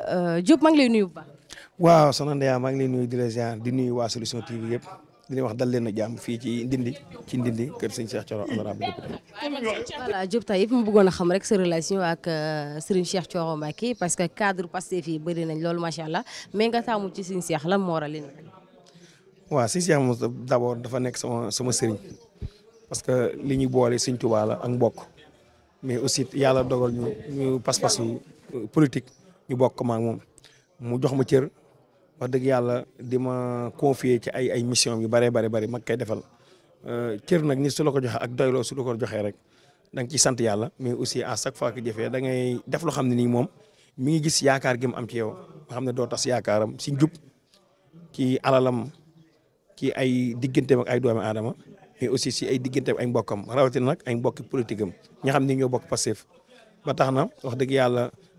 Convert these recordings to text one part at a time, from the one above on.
Euh, Diop maa ngi lay nuyu waaw soo Ndeya maa ngi lay nuyu di di nuyu waa solution TV yëpp di wax dal leen a jàmm fii ci Ndindi ci Ndindi kër sëñ Cheikh Thioro honorable député. voilà Diop tey mu bëggoon a xam rek sa relation ak euh, Serigne Cheikh Thioro Mbacké parce que cadre Pastef yi bëri nañ loolu macha allah mais nga taamu ci si Cheikh lan moo waral waaw sëñ Cheikh moom d'abord dafa nekk sama sama sëriñ parce que li ñu boole sëñ Tuubaa la ak mbokk mais aussi yàlla dogal ñu ñu pas-pasu euh, ñu bokk moom mu jox ma cër wax dëgg yàlla di ma confier ci ay ay mission yu bëree bëri bëri mag koy defal euh, cër nag ni su la ko joxee ak doyloo su la ko joxee rek da nga ciy sant yàlla mais aussi à chaque fois que jëfee da ngay def loo xam ne nii moom mi ngi gis yaakaar gi mu am ci yow nga xam ne doo tas yaakaaram si njub ci alalam ci ay digganteem ak ay doomi aadama mais aussi si ay digganteem ay mbokkam rawatina nag ay mbokki politique am ñi ñoo bokk passif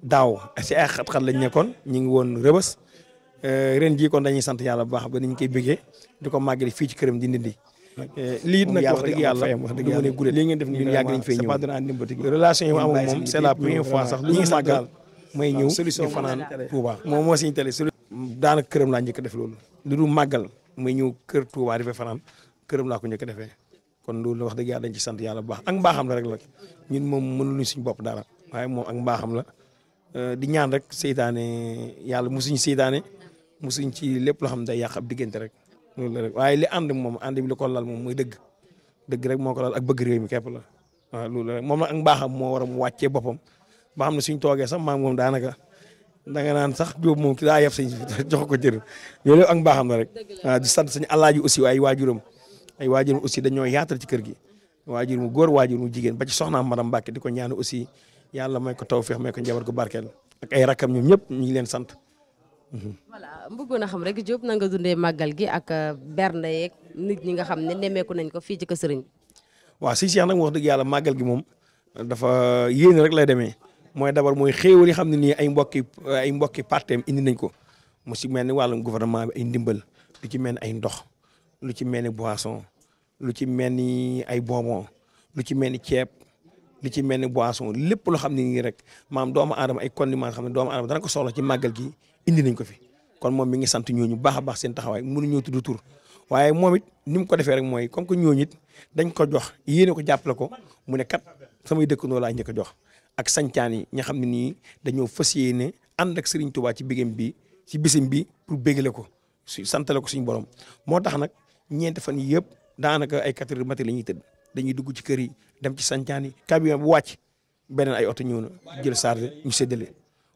daaw si ay xat-xat lañ nekkoon ñu ngi woon rëbës euh, ren jii kon dañuy sant yàlla bu baax ba niñ koy bëggee di ko màggale fii ci këram di ndindi. Euh, lii it nag wax yàlla du ma ne guddee lii ngeen def nii yàgg nañ fee ñëw relation yi mu amoon moom c'est la première fois sax lu ñu màggal may ñëw di fanaan Touba moom moo siñ tele laa njëkk def loolu lu du màggal may ñëw kër Touba di fanaan këram laa ko defee kon loolu wax dëgg yàlla dañ ci sant yàlla bu baax ak baaxam la rek la ñun moom mënuluñ suñ bopp daala waaye moom ak mbaaxam la Euh, di ñaan rek seytaane yàlla musuñ seytaane musuñ ci lépp loo xam ne day yàq ab diggante rek loolu la rek waaye li ànd moom ànd bi li ko lal moom mooy dëgg dëgg rek moo ko lal ak bëgg réew mi képp la waaw loolu moom mbaaxam moo war a mu wàccee boppam ba xam ne suñ toogee sax maa moom daanaka danga naan sax Jóob moom ki daa yeb sañ jox ko jër loolu ak mbaaxam la rek waaw di sant sañ alaaji aussi waaye waajuram ay waajuram aussi dañoo yaatal ci kër gi waajur mu góor waajur mu jigéen ba ci soxnaam madame Mbacke di ko ñaan aussi yàlla may ko taw fi may ko njaboot ko barkeel ak ay rakkam ñoom ñëpp ñu ngi leen sant. voilà bëggoon a xam rek Diop na nga dundee màggal gi ak euh, bernde yeeg nit ñi nga xam ne nemmeeku nañ ko fii ci kër sëriñ bi. waaw si Cheikh nag wax dëgg yàlla màggal gi moom dafa euh, yéene rek lay demee mooy d'abord mooy xéewal yi xam ne nii ay mbokki ay mbokki parteem indi nañ ko mu si mel ni wàllum gouvernement bi ay ndimbal lu ci mel ni ay ndox lu ci mel ni boisson lu ci mel ni ay bonbon lu ci mel ni ceeb. li ci mel ni boisson lépp loo xam ne nii rek maam doomu aadama ay condiments xam ne doomu aadama dana ko soxla ci màggal gi indi nañ ko fi kon moom mi ngi sant ñooñu baax a baax seen taxawaay mënuñoo tudd tur waaye moom it ni mu ko defee rek mooy comme que ñooñu it dañ ko jox yéene ko jàppale ko mu ne kat samay dëkkandoo laa njëkk a jox ak sañcaan yi nga xam ne nii dañoo fas yéene ànd ak Serigne Touba ci bigéem bi ci bisim bi pour bégale ko su santale ko suñu borom moo tax nag ñeent fan yëpp daanaka ay quatre heures matin la ñuy tëdd dañuy dugg ci kër yi dem ci santaan yi camion bu wàcc beneen ay oto ñëw na jël charge ñu séddale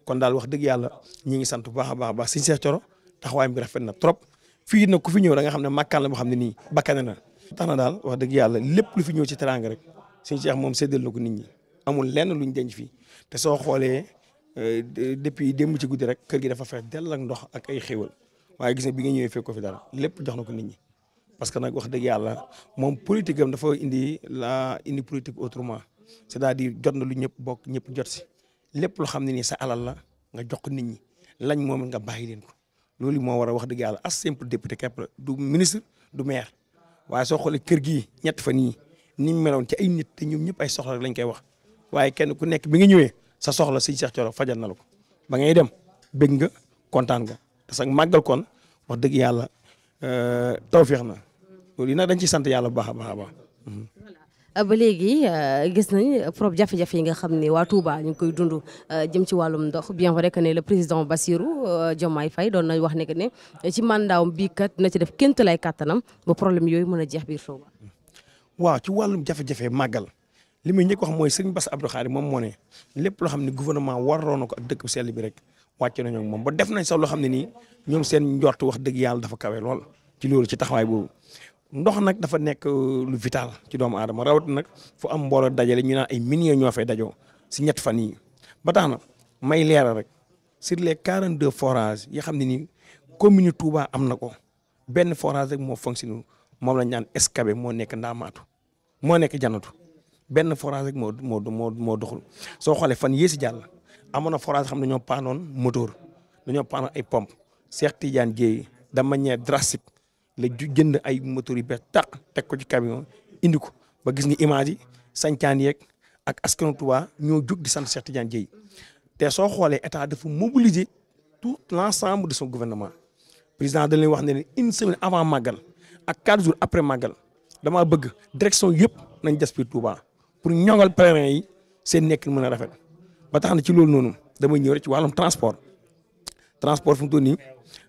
kon daal wax dëgg yàlla ñi ngi sant bu baax a baax baax si Cheikh Thioro taxawaayam bi rafet na trop fii na ku fi ñëw da nga xam ne màkkaan la boo xam ne nii bakkane na tax daal wax dëgg yàlla lépp lu fi ñëw ci teraanga rek sëñ Cheikh moom séddal na ko nit ñi amul lenn luñ denc fii te soo xoolee euh, depuis démb ci guddi rek kër gi dafa fees dell ak ndox ak ay xéwal waaye gis nga bi nga ñëwee fekk ko fi dara lépp jox na ko nit ñi parce que nag wax dëgg yàlla moom politique am dafa indi la indi politique autrement c'est-à-dire jot na lu ñëpp bokk ñëpp jot si lépp loo xam ne nii sa alal la nga jox ko nit ñi lañ moom nga bàyyi leen ko loolu moo war a wax dëgg yàlla a simple député képp la du ministre du soo xoolee kër gii ñett fan yii ni mu meloon ci ay nit ñoom ñëpp ay soxla rek lañ koy wax waaye kenn ku nekk bi nga ñëwee sa soxla sëñ Cheikh Thioro fajal na la ko ba ngay dem bëgg nga kontaan nga te sax màggal kon wax dëgg yàlla taw euh, tawféex na. loolu nag dañ ciy sant yàlla bu baax a baax ba léegi euh, gis nañ prob jafe-jafe yi nga xam ne waa Touba ñu ngi koy dund euh, jëm ci wàllum ndox bien vrai que ne le président Bassirou euh, Diomaye Faye doon wax ne que ne ci mandaawam bii kat na ci def kéntu lay kàttanam ba problème yooyu mën a jeex biir Touba. waaw ci wàllum jafe-jafe màggal li muy njëkk wax mooy sëñ Bass Abdou Khadre moom moo ne lépp loo xam ne gouvernement waroon na ko ak dëkk bu sell bi rek wàcce nañoo moom ba def nañ sax loo xam ne nii ñoom seen njort wax dëgg yàlla dafa kawe lool ci loolu ci taxawaay boobu ndox nag dafa nekk euh, lu vital ci doomu aadama rawat nag fu am mbooloo dajale ñu naan ay millions ñoo fay dajoo si ñett fan yi ba tax na may leera rek sur les quarante deux forages yi xam ne nii commune Touba am na ko benn forage rek moo fonctionné moom la ñu naan Escabé moo nekk Ndaamaatu moo nekk Janatu benn forage rek moo moo moo moo doxul soo xoolee fan yii si jàll amoon na forage xam ne ñoo paanoon moteur dañoo paanoon ay pompe Cheikh Tidiane Dieye de manière drastique la jënd ay moteur yu bees tàq teg ko ci camion indi ko ba gis nga image yi sañcaan yeeg ak askanu Tuubaa ñoo jóg di sant Cheikh Tidiane Dièye te soo xoolee état dafa mobiliser tout l' ensemble de son gouvernement président dañ leen wax ne leen une semaine avant màggal ak quatre jour après màggal damaa bëgg direction yëpp nañ jas biir Touba pour ñoŋal pèlerin yi seen nekk mën a rafet ba tax na ci loolu noonu dama ñëw rek ci wàllum transport transport fu mu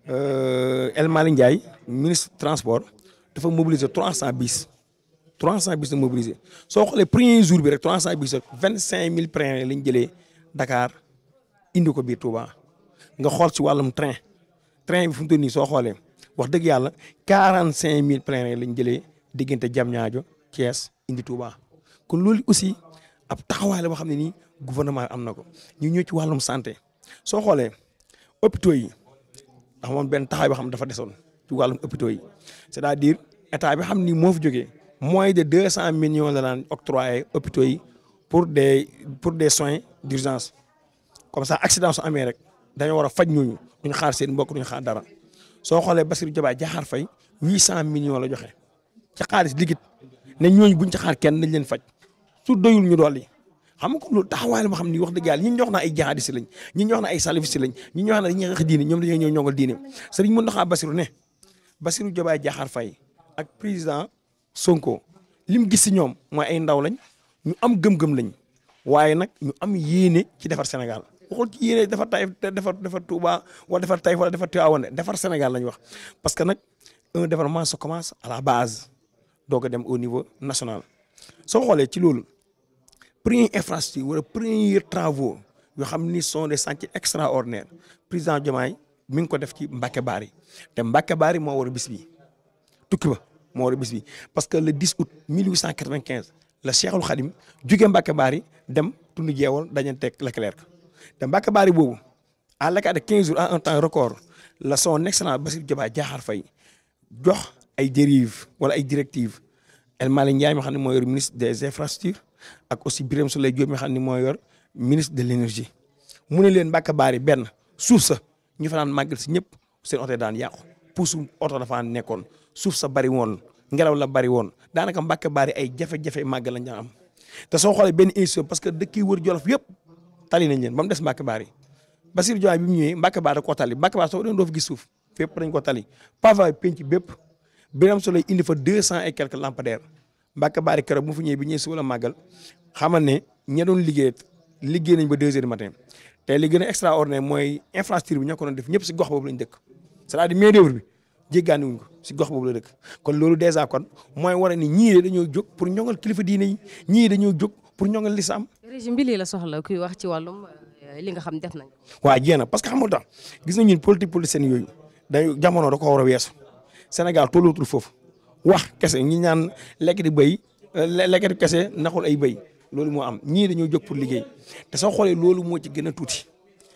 Euh, El Malick Ndiaye ministre transport dafa mobiliser trois cent bis trois cent bis la mobiliser soo xoolee premier jour bi rek trois cent bis rek vingt cinq mille train lañ jëlee indi ko biir Touba nga xool ci wàllum train train bi fu mu nii soo xoolee wax dëgg yàlla quarante cinq mille train lañ jëlee diggante Diamniadio Thiès indi Touba kon loolu aussi ab taxawaay la boo xam ne nii gouvernement am na ko ñu ñëw ci wàllum santé soo xoolee hôpitaux yi. ndax moom benn taxaw boo xam dafa desoon ci wàllum hôpitaux yi c'est-à-dire état bi xam ni moo fi jógee moins de deux cent millions la daan octroyé hôpitaux yi pour des pour des soins d'urgence comme ça accident su amee rek dañoo war a faj ñooñu duñ xaar seen mbokk duñ xaar dara soo xoolee ba Bassirou Diomaye Diakhar fay huit cent millions la joxe ci xaalis liquide ne ñooñu buñ ci xaar kenn dañ leen faj su doyul ñu dolli xam nga comme loolu taxawaay la ma xam ni wax dëgg yàlla ñi ñox na ay jihadiste lañ ñi ñox na ay salafiste lañ ñi ñox na dañuy xeex diine ñoom dañoo ñëw ñongal diine sëriñ Mountakha Bassirou ne Bassirou Diomaye Diakhar Faye ak président Sonko li mu gis si ñoom mooy ay ndaw lañ ñu am gëm-gëm lañ waaye nag ñu am yéene ci defar Sénégal waxul ci yéene defar Taïf defar defar Touba wala defar Taïf wala defar defar Sénégal lañ wax parce que nag un développement se commence à la base doog dem au niveau national soo xoolee ci loolu première infrastructure a premiers travaux yoo xam ni sont des chantiers extraordinaires président Diomaye mi ngi ko def ci Mbacke Bari te Mbacke baari moo war a bis bi tukki ba moo war a bis parce que le 10 août 1895 la Cheikhul Khadim jugee Mbacke Bari dem tund jeewal la Leclerc te Mbacke baari boobu à l'écart de 15 jours à en temps record la son excellence Bassirou Diomaye Diakhar Faye jox ay dérives wala ay directives El Malick Ndiaye moo xam ne moo ministre des infrastructures ak aussi Birame Souleye Diop mi xam ni mooy yor ministre de l' mu ne leen Mbacke Bari benn suuf sa ñu naan màggal si ñëpp seen oto daan yàqu puusu oto dafa nekkoon suuf sa bari woon ngelaw la bari woon daanaka Mbacke Bari ay jafe-jafe màggal lañ am te soo xoolee benn émission parce que dëkk yi wër Jolof yëpp tali nañ leen ba mu des Mbacke Bari Bassirou Diomaye bi mu ñëwee Mbacke Bari da koo tali Mbacke Bari soo doon doo fa suuf fépp dañ ko tali pava penc bépp Birame Souleye indi fa deux cent et quelques lampadaires Mbacke Bari keroog mu fu ñëwee bi ñëwee suba la màggal xamal ne ña doon liggéey liggéey nañ ba deux heures matin te li gën a extraordinaire mooy infrastructure bi ñoo ko doon def ñëpp si gox boobu lañ dëkk c'est-à-dire main d'œuvre bi jéggaani wuñ ko si gox boobu la dëkk kon loolu dèjà kon mooy war a ni ñii dañoo jóg pour ñoŋal kilifa diine ñii dañoo jóg pour ñoŋal lislaam. régime bi lii la soxla kuy wax ci wàllum euh, li nga xam def nañ waaw jéem parce que xam nga gis nañu da ko war a weesu Sénégal tollootul foofu wax kese ñi ñaan lekkati béy lekkati kese naxul ay bay loolu moo am ñii dañoo jóg pour liggéey te soo xoolee loolu moo ci gën tuuti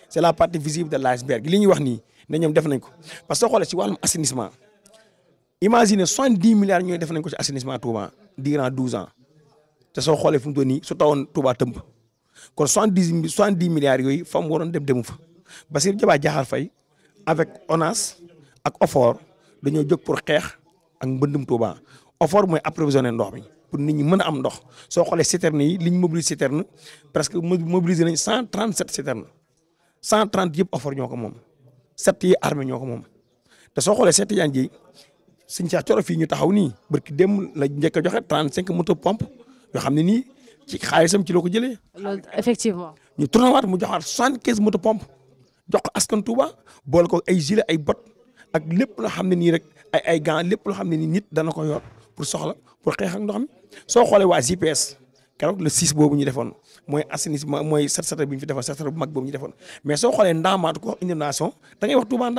c'est la partie visible de l'iceberg li ñuy wax nii ne ñoom def nañ ko parce que soo xoolee si wàllum assainissement imagine soixante-dix milliards ñooy def nañ ko si assainissement Touba durant douze ans te soo xoolee fu mu toll nii su tawoon Touba tëmb kon soixante-dix soixante-dix milliards yooyu fa mu waroon dem demu fa Bassirou Diomaye Diakhar fay avec ONAS ak OFOR dañoo jóg pour xeex. ak mbëndum Touba OFOR mooy approvisionné ndox mi pour ni ñi mën a am ndox soo xoolee citerne nii li ñu mobilise citerne presque mobilisé nañ cent trente sept citerne cent trente yëpp OFOR ñoo ko moom sept yi armée ñoo ko moom te soo xoolee sept yaan ji suñ saa coro fii ñu taxaw nii barki dem la njëkk a joxe trente cinq moto pompe yoo xam ne nii ci xaalisam ci loo ko jëlee. loolu effectivement. ñu tourné waat mu joxaat soixante quinze moto pompe jox ko askan Touba boole ko ay gilet ay bot ak lépp loo xam ne nii rek. ay ay gants lépp loo xam ne ni nit dana ko yor pour soxla pour xeex ak ndox soo xoolee waa GPS keroog le 6 boobu ñu defoon mooy assainissement mooy set setal bi ñu fi defoon set setal bu mag boobu ñu defoon mais soo xoolee ndaamaatu da ngay wax Touba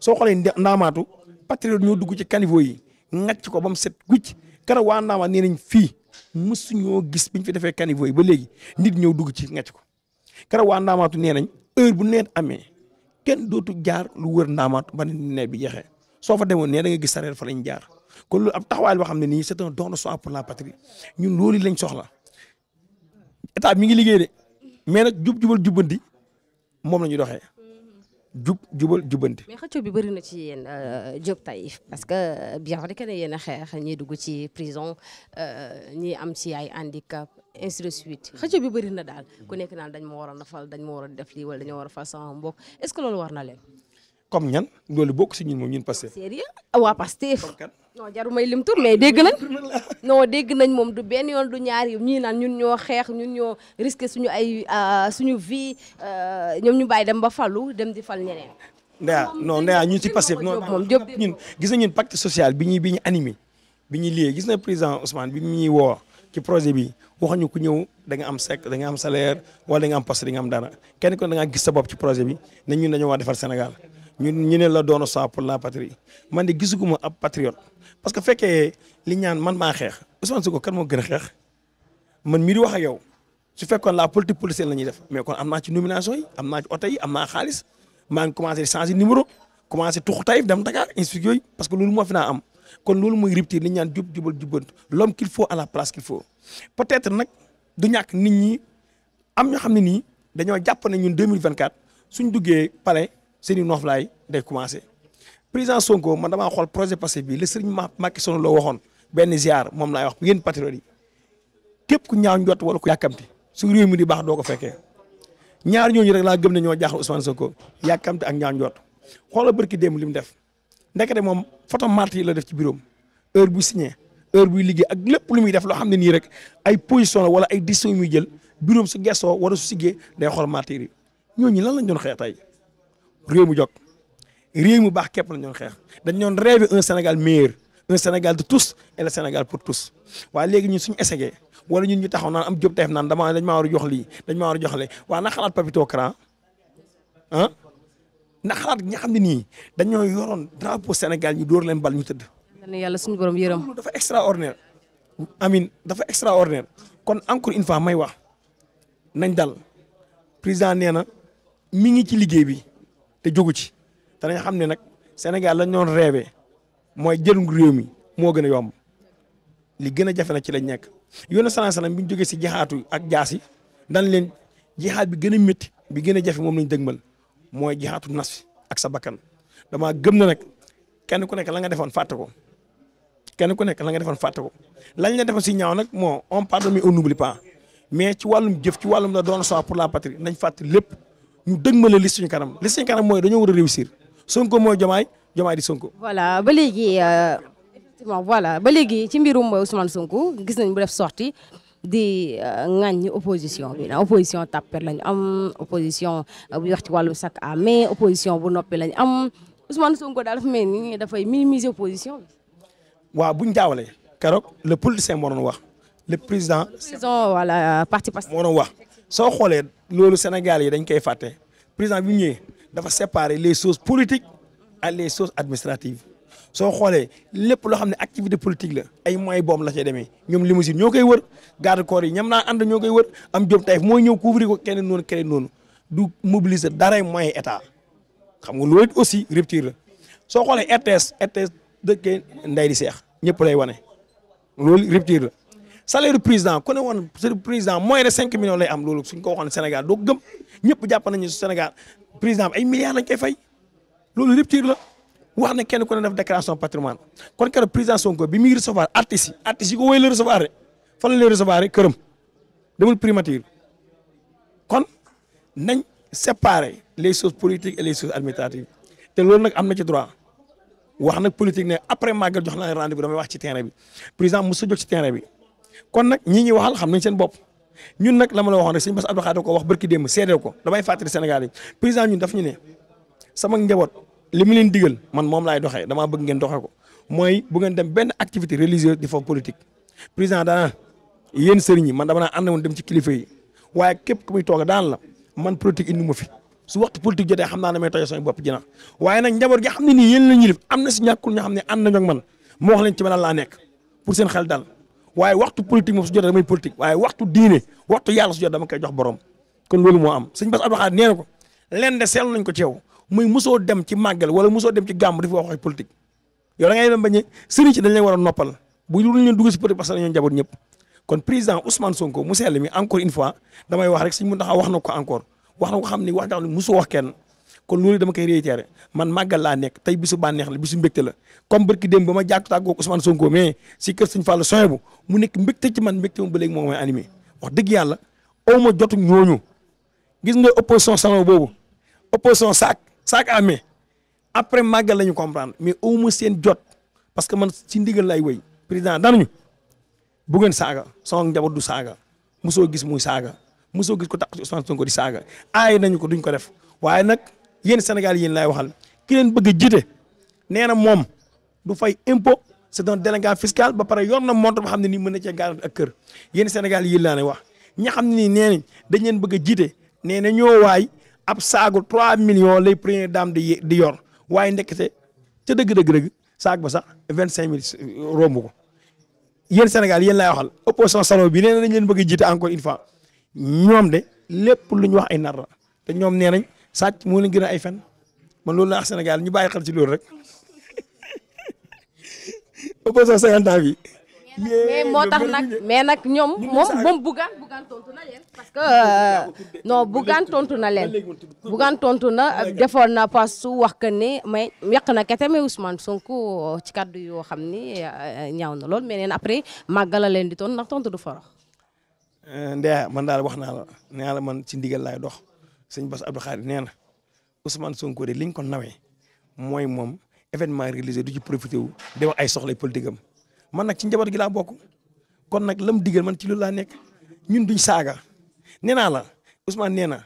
soo xoolee ndaamaatu patriote ñoo dugg ci caniveau yi ngacc ko ba mu set gucc keroog waa ndaamaat nee nañ fii mësuñoo gis biñ fi defee caniveau yi ba léegi nit ñëw dugg ci ngacc ko keroog ndaamaatu nee nañ heure bu neet amee kenn dootu jaar lu wër ndaamaatu ba nee bi jeexee soo fa demoon nee da nga gis sareer fa lañ jaar kon loolu ab taxawaay boo xam ne nii c'est un don de a pour la patrie ñun loolu lañ soxla état mi ngi liggée de mais nag jub jubal jubbanti moom la ñu doxee. jub jubal jubbanti. mais xëccoo bi bëri na ci yéen euh, Diop Taïf parce que euh, bien vrai que ne yéen a xeex ñi dugg ci prison euh, ñi am ci ay handicap ainsi de suite xëccoo bi bëri na daal ku nekk naan dañ ma war a nafal dañ ma war a def lii wala dañoo war a fal sama mbokk est-ce que loolu war na leen. comme ñan loolu bokk si ñun moom ñun Pastef. sérieux waa Pastef. non jaru may lim tur mais dégg nañ. non dégg nañ moom du benn yoon du ñaar yi ñii naan ñun ñoo xeex ñun ñoo risqué suñu ay euh, suñu vie euh, ñoom ñu bàyyi dem ba falu dem di fal ñeneen. ndeya non ndeya ñun si Pastef non ñun gis nañ ñun pacte social bi ñuy bi ñu animé bi ñu lié gis na président Ousmane bi ñu ñuy woo ci projet bi waxuñu ku ñëw da am sec da nga am salaire wala da nga am poste da nga am dara kenn ko da gis sa bopp ci projet bi ne ñun dañoo war defar Sénégal ñun ñu ne la doon sang pour la patrie man de gisuguma a patriote parce que fekkee li ñaan man maa xeex Ousmane Sonko kan moo gën xeex man mii di wax ak yow su fekkoon la politique policière la ñuy def mais kon am naa ci nomination yi am naa ci xaalis maa ngi commencé di commencé tuxu tayif dem Dakar institut parce que loolu moo fi naa am kon loolu mooy rupture li ñu naan jub jubal jubbantu l'homme qu'il faut à la place qu'il faut peut-être nag du ñàkk nit ñi am ñoo xam ne nii dañoo jàpp ne ñun 2024 suñ duggee palais seeni noflaay day commencé président Sonko man damaa xool projet passé bi la sëriñ Macky Sall loo waxoon benn ziar moom laay wax yéen patriotes yi képp ku ñaaw njott wala ku yàkkamti su réew mi di baax doo ko fekkee ñaar ñooñu rek laa gëm ne ñoo jaaxal Ousmane Sonko yàkkamti ak ñaaw njott xoolal barki démb li mu def ndekete moom photo martyr yi la def ci bureau heure bu signé heure buy liggéey ak lépp lu muy def loo xam ne nii rek ay position la wala ay décision yu muy jël bureau su gestoo wala su siggee day xool martyr yi ñooñu lan lañ doon xeex tey réew mu jog réew mu baax képp la ñoon xeex dañ ñoon rêvé un Sénégal meilleur un Sénégal de tous et le Sénégal pour tous waaye léegi ñu suñu essayé wala ñun ñu taxaw naan am job tef naan dama dañ war jox lii dañ maa a jox lee waaw na xalaat Papito Kara ah na xalaat ne nii dañoo yoroon drapeau Sénégal ñu dóor leen bal ñu tëdd. yàlla suñu borom yërëm. dafa extraordinaire amin dafa extraordinaire kon encore une fois may wax nañ dal président nee na mi ngi ci liggéey bi. te jógu ci te dañ xam ne nag Sénégal lañ doon rêvé mooy jëlum réew mi moo gën a yomb li gën a jafe nag ci lañ nekk. yoonu salaam bi jógee si jaxaatu ak jaas yi leen jixaat bi gën a métti bi gën a jafe moom lañ dëgmal mooy jixaatu nas ak sa bakkan damaa gëm na nag kenn ku nekk la nga defoon fàtte ko kenn ku nekk la nga defoon fàtte ko lañ la defoon si ñaaw nag moo on pardonne mais on n'oublie pas mais ci wàllum jëf ci wàllum la doon soi pour la patrie nañ fàtte lépp. ñu la li suñu kanam li suñu kanam mooy dañoo war a réussir Sonko mooy Jomaay Jomaay di Sonko. voilà ba léegi euh, effectivement voilà ba léegi ci mbirum Ousmane Sonko gis nañ bu def sorti di euh, ŋàññi opposition bi na opposition tapper lañu am opposition euh, bu wax ci wàllum sac à main opposition bu noppi lañu am Ousmane Sonko daal dafa mel ni dafay minimiser opposition bi. waaw bu ñu jaawalee. keroog le politicien moo doon wax. le président. président voilà parti Pastef moo doon wax. soo xoolee loolu Sénégal yi dañ koy fàtte président bi ñëwee dafa séparer les choses politiques ak les choses administratives soo xoolee lépp loo xam ne activités politiques la ay moyens boom la cay demee ñoom limousine ñoo koy wër garde corps yi ñam naa ànd ñoo koy wër am jom tayf mooy ñëw couvrir ko keneen noonu keneen noonu du mobiliser daray moyen état xam nga loolu aussi rupture la soo xoolee RTS RTS dëkkee nday di seex ñëpp lay wane loolu rupture la salaire du président ne woon président moins de cinq millions lay am loolu suñ ko waxoon Sénégal doo gëm ñëpp jàpp nañu Sénégal président bi ay milliards lañ koy fay loolu rupture la wax ne kenn ku ne def déclaration patrimoine kon keroog président Sonko bi muy recevoir artistes yi artistes yi ko wéy la recevoir fan la lay recevoir këram demul primature kon nañ séparer les choses politiques et les choses administratives te loolu nag am na ci droit wax nag politique ne après màggal jox naa rendez-vous ci terrain bi président mos a jóg ci terrain bi. kon nag ñi ñuy waxal xam nañ seen bopp ñun nag la ma la waxoon rek sëñ Bass Abdou Khadre ko wax barki démb seedeel ko damay fàttali Sénégal yi président ñun daf ñu ne sama njaboot li mu leen digal man moom laay doxee dama bëgg ngeen doxee ko mooy bu ngeen dem benn activité religieuse di foofu politique. président daana yéen sëriñ yi man dama naa ànd woon dem ci kilifa yi waaye képp ku muy toog daan la man politique indi ma fi su waxtu politique jotee xam naa ne may tojo sama bopp jinax waaye nag njaboot gi xam ne nii yéen la ñuy def am na xam ne ànd nañu man wax leen ci man laa nekk pour seen xel dal waaye waxtu politique moom su jot damay politique waaye waxtu diine waxtu yàlla su jot dama koy jox borom kon loolu moo am sëñ Bass Abdou Khadre nee na ko leen de seetlu nañ ko ci yow muy mosoo dem ci màggal wala mosoo dem ci gàmm dafa wax politique yow da ngay dem bañ a sëriñ ci dañ war a noppal bu dul ñu dugg si politique parce que dañoo njaboot ñëpp kon président Ousmane Sonko mu sell mi encore une fois damay wax rek sëñ Mountakha wax na ko encore kenn kon loolu dama koy réitérer man màggal laa nekk tey bisu bànneex la bisu mbégte la comme barki démb ba ma jàkk tàggoo ak Ousmane Sonko mais si kër sëñ Fallou soye bu mu nekk mbégte ci man mbégte moom ba léegi moo may animé wax dëgg yàlla aw ma jotu ñooñu gis nga opposition sama boobu opposition saak saak amee après màggal la comprendre mais aw ma seen jot parce que man si ndigal lay wéy président danuñu bu ngeen saaga sama njaboot du saaga mosoo gis muy saaga mosoo gis ko tax ci Sonko di saaga aay nañu ko duñ ko def waaye nag yéen Sénégal yéen laay waxal ki leen bëgg a jiite nee na moom du fay impôt c'est un fiscal ba pare yor na montre ba xam ne nii mën na cee gaal ak kër yéen Sénégal yéen laa ne wax ña xam ne nii nee nañ dañ bëgg a jiite nee na ñoo waay ab saagu 3 millions lay première dame di di yor waaye ndekete ca dëgg-dëgg-dëgg saag ba sax 25000 romb ko yéen Sénégal yéen laay waxal opposition salon bi nee na dañ leen bëgg a jiite encore une fois ñoom de lépp lu ñu wax ay nar la te ñoom nee nañ. sàcc moo leen gën ay fen man loolu la ak Sénégal ñu bàyyi xel ci loolu rek mais moo tax nag mais nag ñoom moom moom bugaan tontu na leen parce euh, tontu na leen na defoon na su wax que ni mais yàq na kete mais Ousmane Sonko ci kàddu yoo xam ni euh, ñaaw na lool mais neen après màggala leen di tontu ndax tontu du forox. Euh, Ndeye man daal wax naa la nee la ci ndigal lay dox. sëñ bas Abdou Khadre nee na Ousmane Sonko de liñ ko nawee mooy moom événement réalisé du ci profité wu di ay soxlay politique am man nag ci njaboot gi laa bokk kon nag lam digal man ci loolu laa nekk ñun duñ saaga nee naa la Ousmane nee na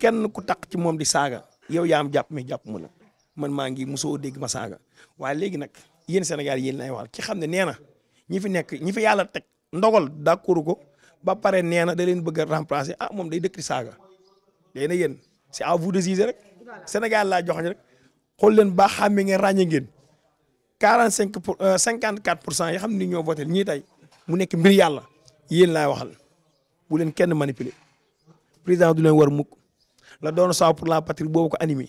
kenn ku takk ci moom di saaga yow yaa am jàpp mais jàpp mu la man maa ngi mosoo dégg ma saaga waaye léegi nag yéen Sénégal yéen lay wax ki xam ne nee na ñi fi nekk ñi fi yàlla teg ndogal d'accord ko ba pare nee na da leen bëgg a remplacer ah moom day dëkk saaga. léegi nag yéen c'est à vous de juger rek Sénégal laa joxoon rek xool leen baax xàmmee ngeen ràññee ngeen 45 pour 54 euh, pour cent yi xam ni ñoo voté ñii tey mu nekk mbir yàlla yéen laay waxal bu leen kenn manipuler président du leen war mukk la doon saw pour la patrie boobu ko animé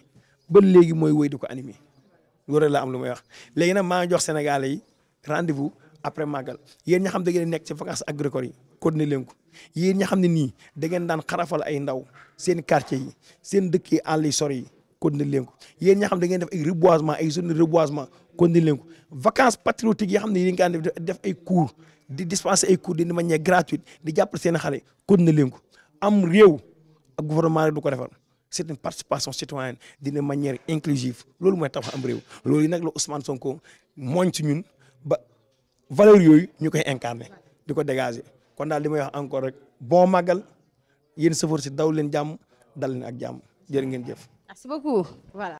ba léegi mooy woy di ko animé loolu la am lu may wax léegi nag maa jox Sénégalais yi rendez-vous après màggal yéen ña xam da nekk ci vacances agricoles yi. continuer leen ko yéen ñi xam ne nii da ngeen daan xarafal ay ndaw seen quartier yi seen dëkk yi àll yi sori yi continuer leen ko yéen ñi xam da ngeen def ay reboisement ay zone de reboisement continuer leen ko vacances patriotiques yi xam ne yéen nga def def ay cours di dispenser ay cours de manière gratuite di jàppale seen xale continuer leen ko am réew ak gouvernement rek du ko defal c'est une participation citoyenne d'une manière inclusive loolu mooy tax am réew loolu yi nag la Ousmane Sonko mooñ ci ñun ba valeur yooyu ñu ko dégager kon daal li may wax encore rek bon màggal yéen sëfoor si daw leen jàmm dal leen ak jàmm jërë ngeen jëf.